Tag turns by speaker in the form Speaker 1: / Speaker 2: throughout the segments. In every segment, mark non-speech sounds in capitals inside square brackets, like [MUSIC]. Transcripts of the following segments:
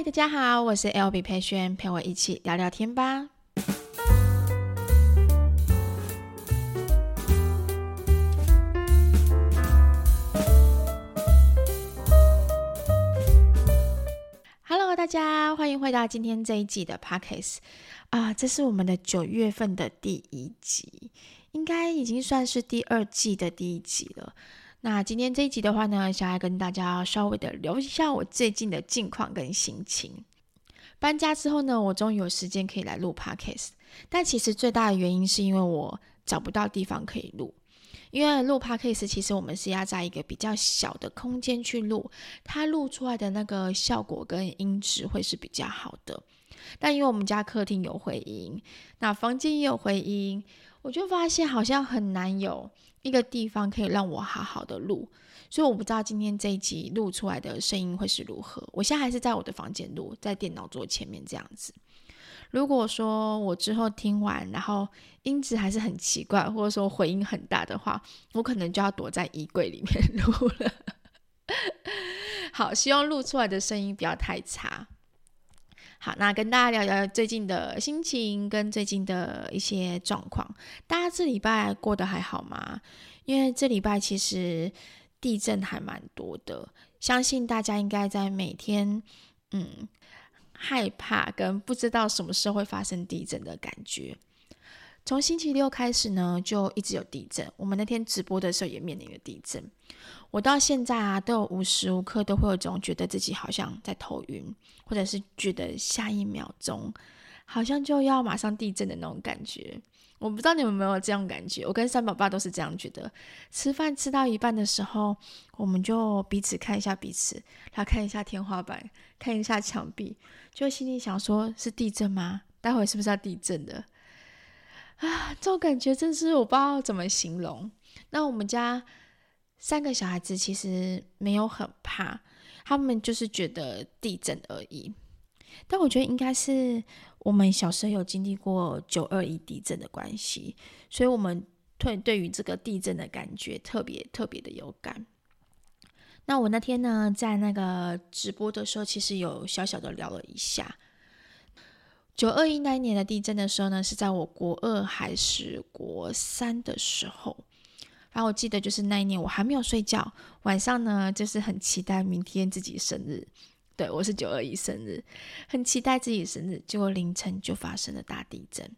Speaker 1: 嗨，大家好，我是 LB 佩萱，陪我一起聊聊天吧。Hello，大家歡迎回到今天這一季的 Podcast 啊，這是我們的九月份的第一集，應該已經算是第二季的第一集了。那今天這一集的話呢，想要跟大家稍微的聊一下我最近的近況跟心情。搬家之後呢，我終於有時間可以來錄 Podcast，但其實最大的原因是因為我找不到地方可以錄。因為錄 Podcast，其實我們是要在一個比較小的空間去錄，它錄出來的那個效果跟音質會是比較好的。但因為我們家客廳有回音，那房間也有回音，我就發現好像很難有。一個地方可以讓我好好的錄，所以我不知道今天這一集錄出來的聲音會是如何。我現在還是在我的房間錄，在電腦桌前面這樣子。如果說我之後聽完，然後音質還是很奇怪，或者說回音很大的話，我可能就要躲在衣櫃裡面錄了。好，希望錄出來的聲音不要太差。好，那跟大家聊聊最近的心情跟最近的一些狀況。大家這禮拜過得還好嗎？因為這禮拜其實地震還蠻多的，相信大家應該在每天嗯害怕跟不知道什麼時候會發生地震的感覺。從星期六開始呢，就一直有地震。我們那天直播的時候也面臨了地震。我到現在啊，都有無時無刻都會有這種覺得自己好像在頭暈，或者是覺得下一秒鐘好像就要馬上地震的那種感覺。我不知道你們有沒有這種感覺？我跟三寶爸都是這樣覺得。吃飯吃到一半的時候，我們就彼此看一下彼此，他看一下天花板，看一下牆壁，就心裡想說：是地震嗎？待會是不是要地震的？啊，這種感覺真是我不知道怎麼形容。那我們家三個小孩子其實沒有很怕，他們就是覺得地震而已。但我覺得應該是我們小時候有經歷過九二一地震的關係，所以我們對，對於這個地震的感覺特別特別的有感。那我那天呢，在那個直播的時候，其實有小小的聊了一下。九二一那一年的地震的時候呢，是在我國二還是國三的時候？然後，我記得就是那一年我還沒有睡覺，晚上呢就是很期待明天自己生日。對我是九二一生日，很期待自己生日。結果凌晨就發生了大地震。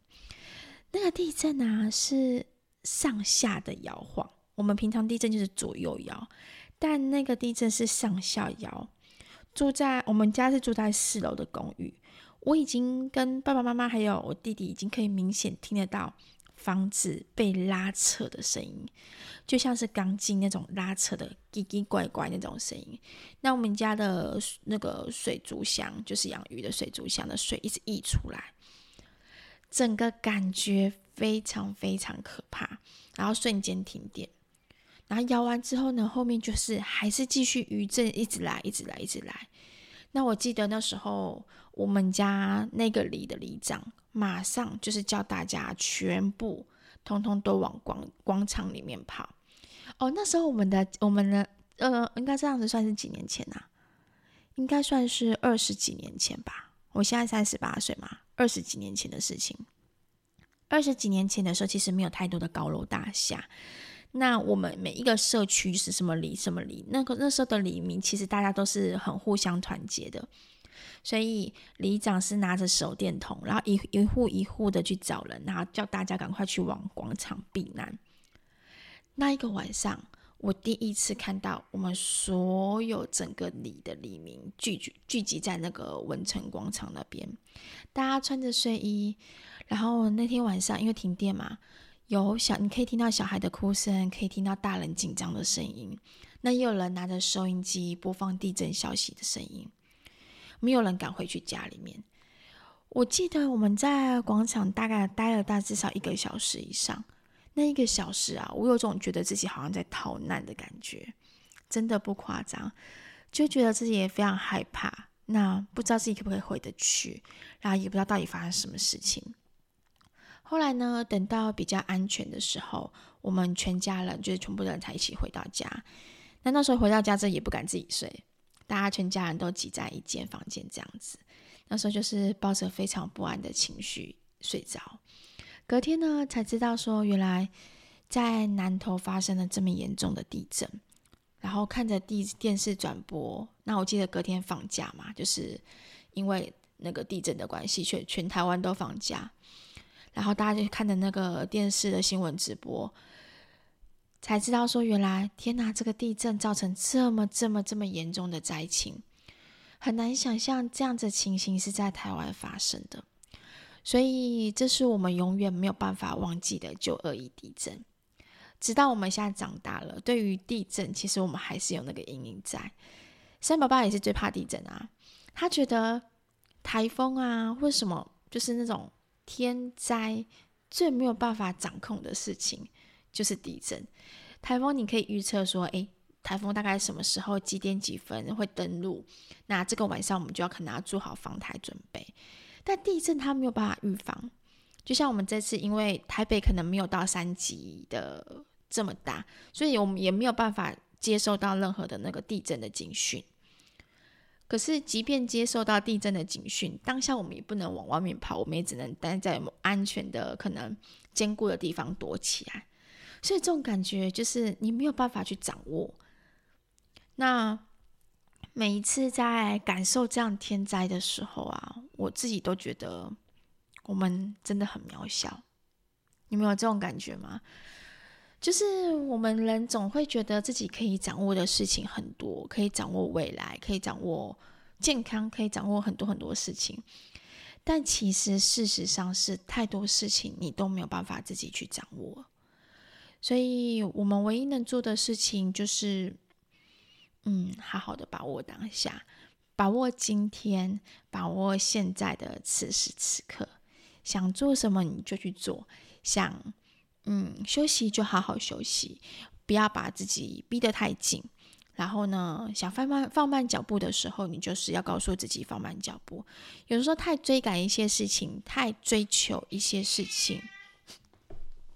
Speaker 1: 那個地震啊是上下的搖晃，我們平常地震就是左右搖，但那個地震是上下搖。住在我們家是住在四樓的公寓。我已經跟爸爸媽媽還有我弟弟，已經可以明顯聽得到房子被拉扯的聲音，就像是鋼筋那種拉扯的，奇奇怪怪的那種聲音。那我們家的那個水族箱，就是養魚的水族箱的水一直溢出來，整個感覺非常非常可怕。然後瞬間停電，然後搖完之後呢，後面就是還是繼續餘震，一直來，一直來，一直來。那我記得那時候。我們家那個里的里長，馬上就是叫大家全部通通都往廣廣場裡面跑。哦，那時候我們的我們的呃，應該這樣子算是幾年前吶？啊？應該算是二十幾年前吧。我現在三十八歲嘛，二十幾年前的事情。二十幾年前的時候，其實沒有太多的高樓大廈。那我們每一個社區是什麼里什麼里，那個那時候的里民，其實大家都是很互相團結的。所以里長是拿着手電筒，然後一一戶一戶的去找人，然後叫大家趕快去往廣場避難。那一個晚上，我第一次看到我們所有整個里的里民聚集，聚集在那個文成廣場那邊，大家穿着睡衣，然後那天晚上因為停電嘛，有小你可以聽到小孩的哭聲，可以聽到大人緊張的聲音，那也有人拿着收音機播放地震消息的聲音。沒有人敢回去家裡面。我記得我們在廣場大概待了大至少一個小時以上。那一個小時啊，我有種覺得自己好像在逃難的感覺，真的不誇張，就覺得自己也非常害怕。那不知道自己可不可以回得去，然後也不知道到底發生什麼事情。後來呢，等到比較安全的時候，我們全家人就是全部人才一起回到家。那那時候回到家，真的也不敢自己睡。大家全家人都擠在一間房間這樣子，那時候就是抱着非常不安的情緒睡着。隔天呢，才知道說原來在南投發生了這麼嚴重的地震，然後看着電電視轉播。那我記得隔天放假嘛，就是因為那個地震的關係，全全台灣都放假，然後大家就看着那個電視的新聞直播，才知道說，原來天吶，這個地震造成這麼這麼這麼嚴重的災情，很難想象這樣子情形是在台灣發生的。所以，這是我們永遠沒有辦法忘記的九二一地震。直到我們現在長大了，對於地震，其實我們還是有那個陰影在。三寶爸也是最怕地震啊，他覺得台風啊，或者什麼，就是那種天災最沒有辦法掌控的事情。就是地震、台風，你可以預測說，誒，台風大概什麼時候、幾點幾分會登陸？那這個晚上我們就要可能要做好防台準備。但地震它沒有辦法預防，就像我們這次，因為台北可能沒有到三級的這麼大，所以我們也沒有辦法接受到任何的那個地震的警訊。可是，即便接受到地震的警訊，當下我們也不能往外面跑，我們也只能待在安全的、可能堅固的地方躲起來。所以這種感覺就是你沒有辦法去掌握。那每一次在感受這樣天災的時候啊，我自己都覺得我們真的很渺小。你沒有這種感覺嗎？就是我們人總會覺得自己可以掌握的事情很多，可以掌握未來，可以掌握健康，可以掌握很多很多事情。但其實事實上是太多事情你都沒有辦法自己去掌握。所以我們唯一能做的事情就是，嗯，好好的把握當下，把握今天，把握現在的此時此刻。想做什麼你就去做，想嗯休息就好好休息，不要把自己逼得太緊。然後呢，想放慢放慢腳步的時候，你就是要告訴自己放慢腳步。有時候太追趕一些事情，太追求一些事情。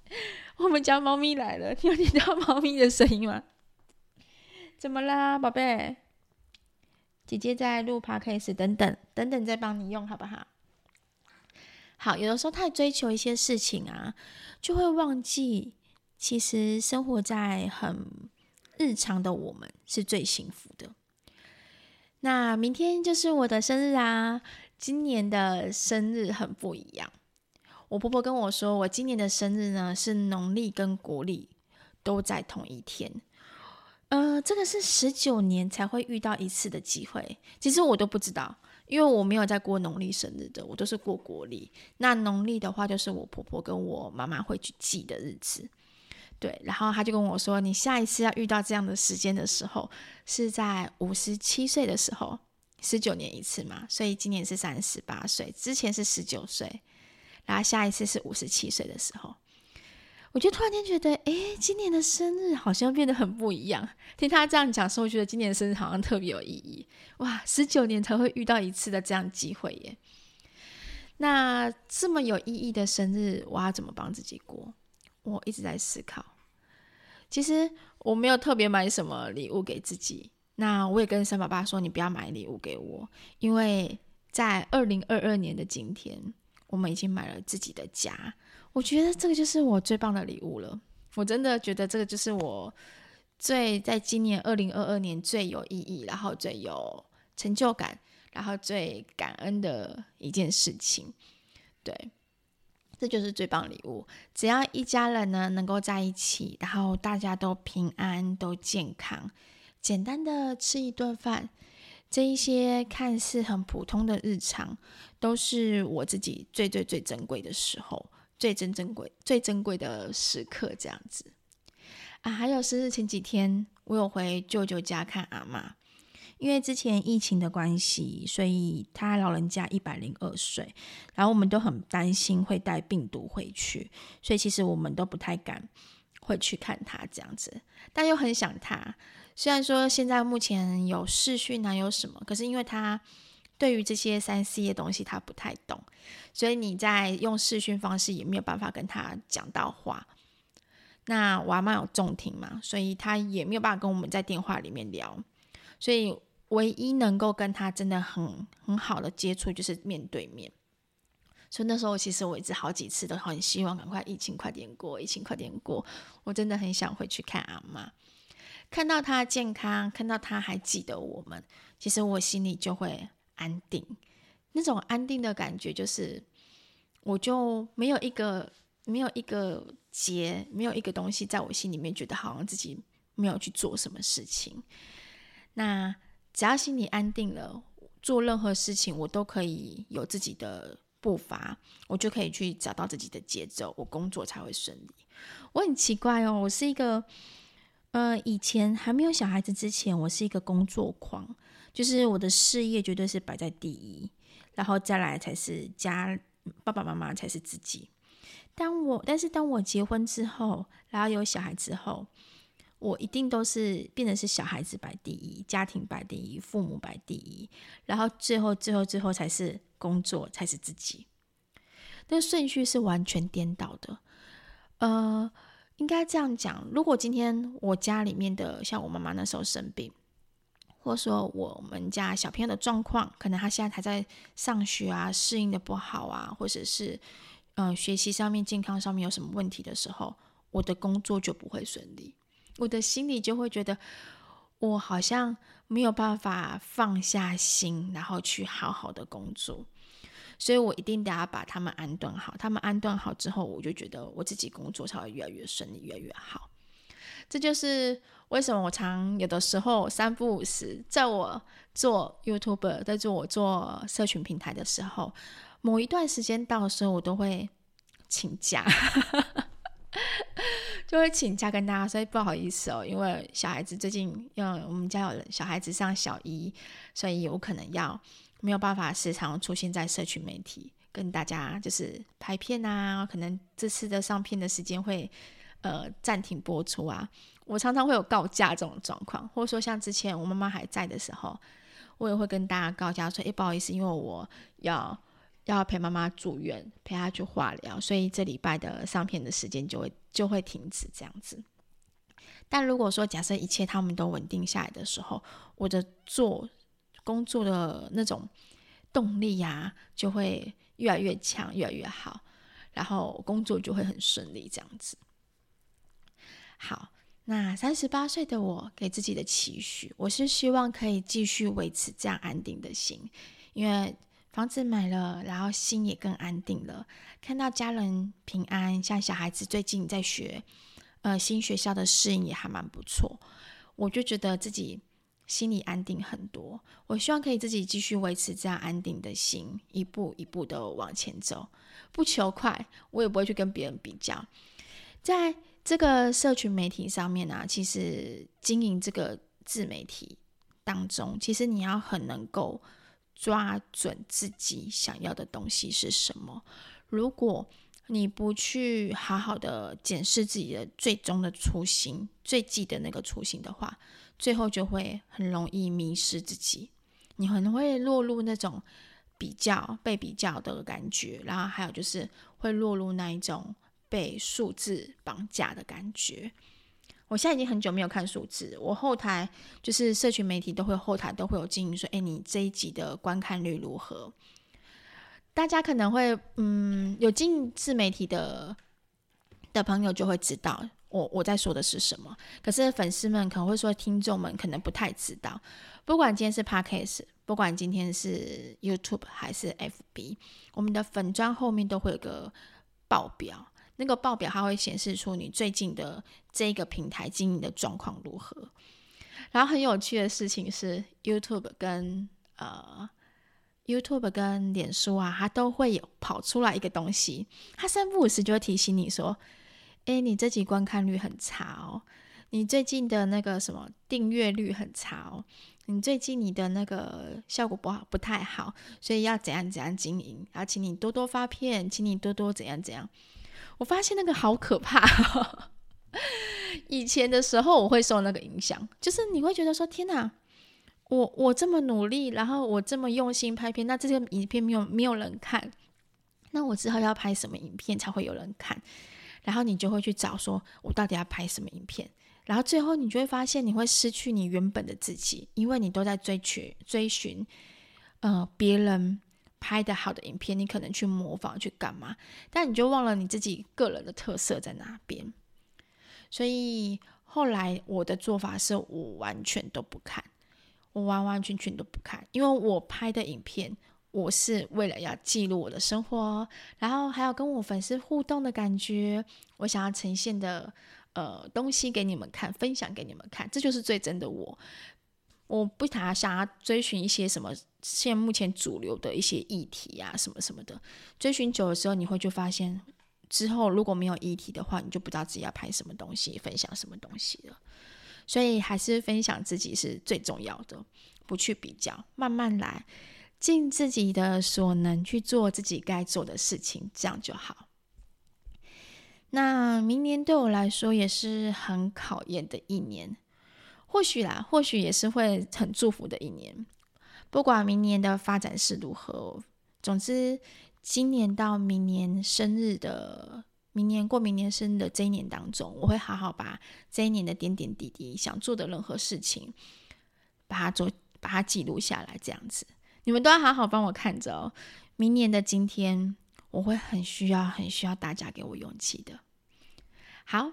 Speaker 1: [LAUGHS] 我們家貓咪來了，你有聽到貓咪的聲音嗎？怎麼啦，寶貝？姐姐在錄 podcast，等等等等，等等再幫你用好不好？好，有的時候太追求一些事情啊，就會忘記，其實生活在很日常的我們是最幸福的。那明天就是我的生日啊，今年的生日很不一樣。我婆婆跟我說，我今年的生日呢是農曆跟國曆都在同一天。呃，這個是十九年才會遇到一次的機會。其實我都不知道，因為我沒有在過農曆生日的，我都是過國曆。那農曆的話，就是我婆婆跟我媽媽會去記的日子。對，然後她就跟我說，你下一次要遇到這樣的時間的時候，是在五十七歲的時候，十九年一次嘛。所以今年是三十八歲，之前是十九歲。然後下一次是五十七歲的時候，我就突然間覺得，哎，今年的生日好像變得很不一樣。聽他這樣講說，我覺得今年的生日好像特別有意義。哇，十九年才會遇到一次的這樣機會耶！那這麼有意義的生日，我要怎麼幫自己過？我一直在思考。其實我沒有特別買什麼禮物給自己。那我也跟三爸爸說，你不要買禮物給我，因為在二零二二年的今天。我們已經買了自己的家，我覺得這個就是我最棒的禮物了。我真的覺得這個就是我最在今年二零二二年最有意義，然後最有成就感，然後最感恩的一件事情。對，這就是最棒的禮物。只要一家人呢能夠在一起，然後大家都平安、都健康，簡單的吃一頓飯。這一些看似很普通的日常，都是我自己最最最珍貴的時候，最真珍珍貴最珍貴的時刻，這樣子啊。還有生日前幾天，我有回舅舅家看阿媽，因為之前疫情的關係，所以他老人家一百零二歲，然後我們都很擔心會帶病毒回去，所以其實我們都不太敢。會去看他這樣子，但又很想他。雖然說現在目前有視訊啊，有什麼？可是因為他對於這些三 C 的東西，他不太懂，所以你在用視訊方式也沒有辦法跟他講到話。那我阿嬤有重聽嘛，所以他也沒有辦法跟我們在電話裡面聊。所以唯一能夠跟他真的很很好的接觸，就是面對面。所以那時候，其實我一直好幾次都很希望趕快疫情快點過，疫情快點過。我真的很想回去看阿媽，看到她健康，看到她還記得我們，其實我心裡就會安定。那種安定的感覺，就是我就沒有一個沒有一個結，沒有一個東西在我心裡面覺得好像自己沒有去做什麼事情。那只要心裡安定了，做任何事情我都可以有自己的。步伐，我就可以去找到自己的節奏，我工作才會順利。我很奇怪哦，我是一個，呃，以前還沒有小孩子之前，我是一個工作狂，就是我的事業絕對是擺在第一，然後再來才是家，爸爸媽媽才是自己。當我但是當我結婚之後，然後有小孩之後，我一定都是變成是小孩子擺第一，家庭擺第一，父母擺第一，然後最後最後最後才是工作，才是自己。那順序是完全顛倒的。呃，應該這樣講：如果今天我家裡面的，像我媽媽那時候生病，或說我們家小朋友的狀況，可能他現在還在上學啊，適應得不好啊，或者是嗯、呃、學習上面、健康上面有什麼問題的時候，我的工作就不會順利。我的心裡就會覺得，我好像沒有辦法放下心，然後去好好的工作，所以我一定得要把他們安頓好。他們安頓好之後，我就覺得我自己工作才會越來越順利，越來越好。這就是為什麼我常有的時候三不五時，在我做 YouTuber、在做我做社群平台的時候，某一段時間到的時候，我都會請假。 [LAUGHS] 就會請假跟大家說，所以不好意思哦，因為小孩子最近，因為我們家有小孩子上小一，所以有可能要沒有辦法時常出現在社群媒體，跟大家就是拍片啊，可能這次的上片的時間會，呃，暫停播出啊。我常常會有告假這種狀況，或者說像之前我媽媽還在的時候，我也會跟大家告假說，欸，不好意思，因為我要。要陪媽媽住院，陪她去化療，所以這禮拜的上片的時間就會就會停止這樣子。但如果說，假設一切他們都穩定下來的時候，我的做工作的那種動力呀，就會越來越強，越來越好，然後工作就會很順利這樣子。好，那三十八歲的我給自己的期許，我是希望可以繼續維持這樣安定的心，因為。房子買了，然後心也更安定了。看到家人平安，像小孩子最近在學，呃，新學校的適應也還蠻不錯。我就覺得自己心裡安定很多。我希望可以自己繼續維持這樣安定的心，一步一步的往前走，不求快，我也不會去跟別人比較。在這個社群媒體上面啊，其實經營這個自媒體當中，其實你要很能夠。抓準自己想要的東西是什麼？如果你不去好好的檢視自己的最終的初心，最記得那個初心的話，最後就會很容易迷失自己。你很容易落入那種比較被比較的感覺，然後還有就是會落入那一種被數字綁架的感覺。我現在已經很久沒有看數字，我後台就是社群媒體都會後台都會有經營說，哎，你這一集的觀看率如何？大家可能會，嗯，有經營自媒體的的朋友就會知道我我在說的是什麼。可是粉絲們可能會說，聽眾們可能不太知道。不管今天是 Podcast，不管今天是 YouTube 還是 FB，我們的粉專後面都會有個報表。那個報表它會顯示出你最近的這個平台經營的狀況如何。然後很有趣的事情是，YouTube 跟呃 YouTube 跟臉書啊，它都會有跑出來一個東西，它三不五時就會提醒你說：“哎，你這集觀看率很差哦，你最近的那個什麼訂閱率很差哦，你最近你的那個效果不好不太好，所以要怎樣怎樣經營，然後請你多多發片，請你多多怎樣怎樣。”我發現那個好可怕。以前的時候，我會受那個影響，就是你會覺得說：“天哪我，我我這麼努力，然後我這麼用心拍片，那這些影片沒有沒有人看，那我之後要拍什麼影片才會有人看？”然後你就會去找說：“我到底要拍什麼影片？”然後最後你就會發現，你會失去你原本的自己，因為你都在追求追尋，呃，別人。拍的好的影片，你可能去模仿去幹嘛？但你就忘了你自己個人的特色在哪邊。所以後來我的做法是，我完全都不看，我完完全全都不看，因為我拍的影片，我是為了要記錄我的生活，然後還有跟我粉絲互動的感覺，我想要呈現的呃東西給你們看，分享給你們看，這就是最真的我。我不想要想要追尋一些什麼，現目前主流的一些議題啊，什麼什麼的。追尋久了之後，你會就發現，之後如果沒有議題的話，你就不知道自己要拍什麼東西，分享什麼東西了。所以，還是分享自己是最重要的。不去比較，慢慢來，盡自己的所能去做自己該做的事情，這樣就好。那明年對我來說也是很考驗的一年。或許啦，或許也是會很祝福的一年。不管明年的發展是如何哦，總之今年到明年生日的，明年過明年生日的這一年當中，我會好好把這一年的點點滴滴、想做的任何事情，把它做，把它記錄下來。這樣子，你們都要好好幫我看着哦。明年的今天，我會很需要，很需要大家給我勇氣的。好。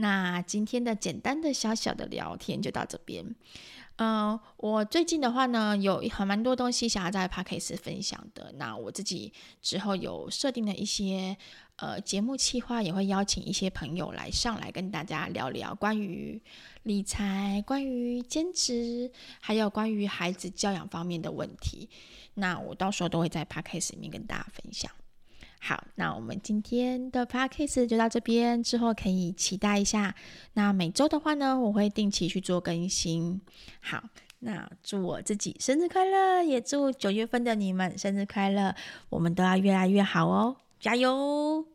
Speaker 1: 那今天的簡單的小小的聊天就到這邊。嗯、呃，我最近的話呢，有很蠻多東西想要在 Podcast 分享的。那我自己之後有設定了一些呃節目企劃，也會邀請一些朋友來上來跟大家聊聊關於理財、關於兼職，還有關於孩子教養方面的問題。那我到時候都會在 Podcast 裡面跟大家分享。好，那我們今天的 podcast 就到這邊，之後可以期待一下。那每週的話呢，我會定期去做更新。好，那祝我自己生日快樂，也祝九月份的你們生日快樂，我們都要越來越好哦，加油！